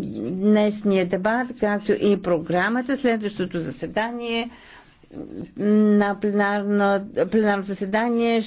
днешния дебат, както и програмата. Следващото заседание на пленарно, пленарно заседание